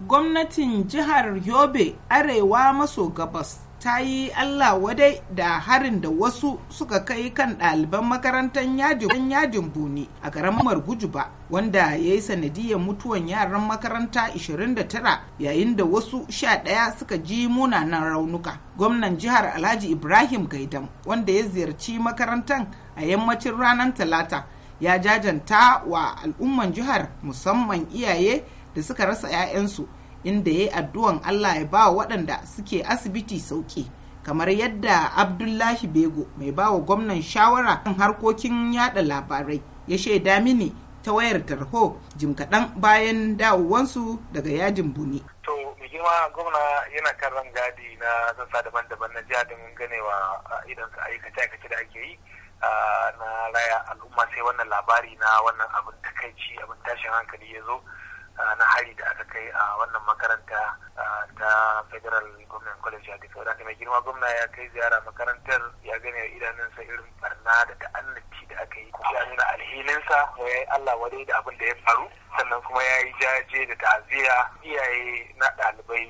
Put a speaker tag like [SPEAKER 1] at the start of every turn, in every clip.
[SPEAKER 1] gwamnatin jihar yobe arewa maso gabas ta yi allah wadai da harin da wasu suka kai kan ɗaliban makarantar yajin buni a karamar gujuba wanda ya yi sanadiyar mutuwan yaran makaranta 29 yayin da wasu 11 suka ji munanan raunuka gwamnan jihar alhaji ibrahim gaidam wanda ya ziyarci makarantar a yammacin ranar talata ya jajanta wa al'umman jihar musamman iyaye da suka rasa 'ya'yansu inda ya yi addu'an Allah ya ba waɗanda suke asibiti sauƙi kamar yadda Abdullahi Bego mai ba wa gwamnan shawara kan harkokin yada labarai ya shaida mini ta wayar tarho jim kaɗan bayan dawowansu daga yajin buni.
[SPEAKER 2] To, mai girma gwamna yana kan gadi na sassa daban-daban na jiha domin ganewa idan aikace-aikace da ake yi na raya al'umma sai wannan labari na wannan abin takaici abin tashin hankali ya zo. na hari da aka kai a wannan makaranta ta federal government college hadis Wadanda mai girma gwamna ya kai ziyara makarantar ya gani a idanunsa irin barna da ta'annaci da aka yi ya nuna alhininsa ya yi allah wadai da abin da ya faru sannan kuma ya yi jaje da ta'aziyya iyaye na ɗalibai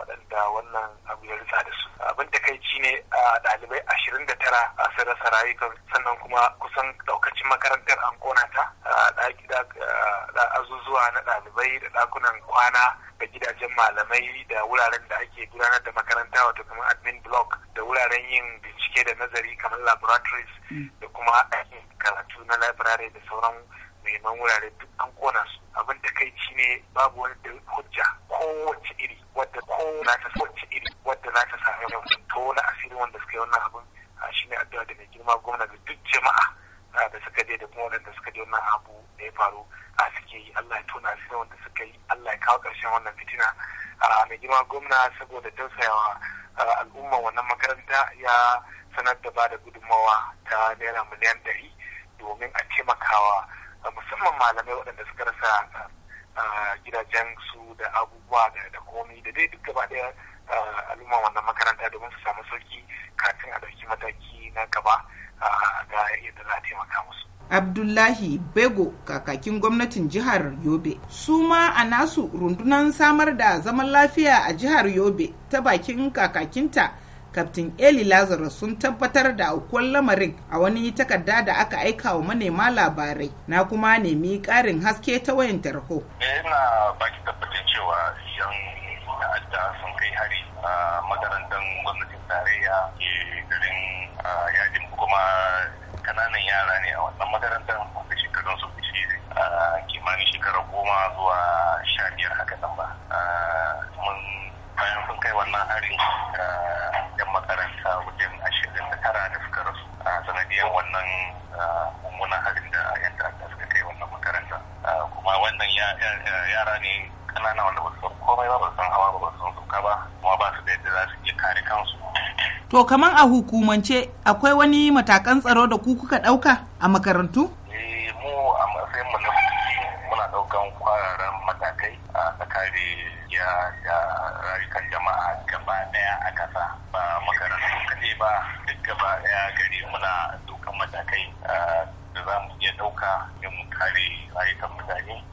[SPEAKER 2] waɗanda wannan abu ya rusa da su abin takaici ne a ɗalibai a ashirin da tara a Sada rayukan sannan kuma kusan daukacin makarantar an kona ta da azuzuwa na ɗalibai da ɗakunan kwana da gidajen malamai da wuraren da ake gudanar da makaranta wato kamar admin block da wuraren yin bincike da nazari kamar laboratories mm. da kuma ɗakin karatu na library da sauran muhimman wurare duk an kona su abin takaici ne babu wani hujja suka je da kuma waɗanda suka je wannan abu da ya faru a suke yi Allah ya tona su wanda suka yi Allah ya kawo ƙarshen wannan fitina mai girma gwamna saboda tausayawa al'umma wannan makaranta ya sanar da ba da gudunmawa ta naira miliyan ɗari domin a taimakawa musamman malamai waɗanda suka rasa gidajen su da abubuwa da komi da dai duk gaba ɗaya al'umma wannan makaranta domin su samu sauki kafin a ɗauki mataki na gaba. ga yadda za a taimaka musu
[SPEAKER 1] abdullahi bego kakakin gwamnatin jihar yobe su ma a nasu rundunar samar da zaman lafiya a jihar yobe ta bakin kakakinta kaftin eli lazarus sun tabbatar da aukuwar lamarin a wani takarda da aka aika wa manema labarai na kuma nemi ƙarin haske ta wayan tarho
[SPEAKER 3] eh, ina baki tabbatar cewa yan ta'adda sun kai hari a makarantar gwamnatin tarayya ke garin yajin kuma kananan yara ne a wannan makarantar wanda shekarun su a kimanin shekara goma zuwa sha biyar haka nan ba mun bayan sun kai wannan hari. yan makaranta wajen ashirin da tara da suka rasu a sanadiyar wannan mummunan harin yara ne kanana wanda ba san komai ba basu san hawa ba ba san ba kuma ba su da yadda za su iya kare kansu.
[SPEAKER 1] To kamar a hukumance akwai wani matakan tsaro da ku kuka ɗauka a makarantu?
[SPEAKER 3] Eh, mu a matsayin mu na muna ɗaukan kwararan matakai a kare ya rayukan jama'a gaba ɗaya a ƙasa ba makarantu kaɗai ba duk gaba ɗaya gari muna ɗaukan matakai ah, da za mu iya ɗauka don mu kare rayukan mutane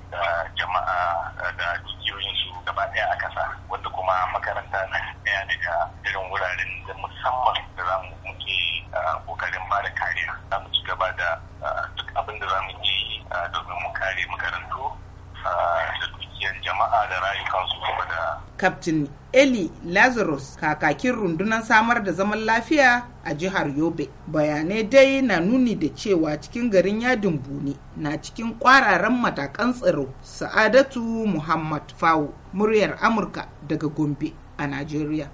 [SPEAKER 3] jama'a eh, da dukiyoyin su gaba ɗaya a ƙasa, wanda kuma makaranta na ɗaya daga irin wuraren da musamman da za mu muke kokarin eh, ba da kariya
[SPEAKER 1] Captain Eli Lazarus kakakin rundunar samar da zaman lafiya a jihar Yobe. Bayanai dai na nuni da cewa cikin garin yadin buni na cikin kwararan matakan tsaro Sa'adatu Muhammad Fawo muryar Amurka daga Gombe a Najeriya.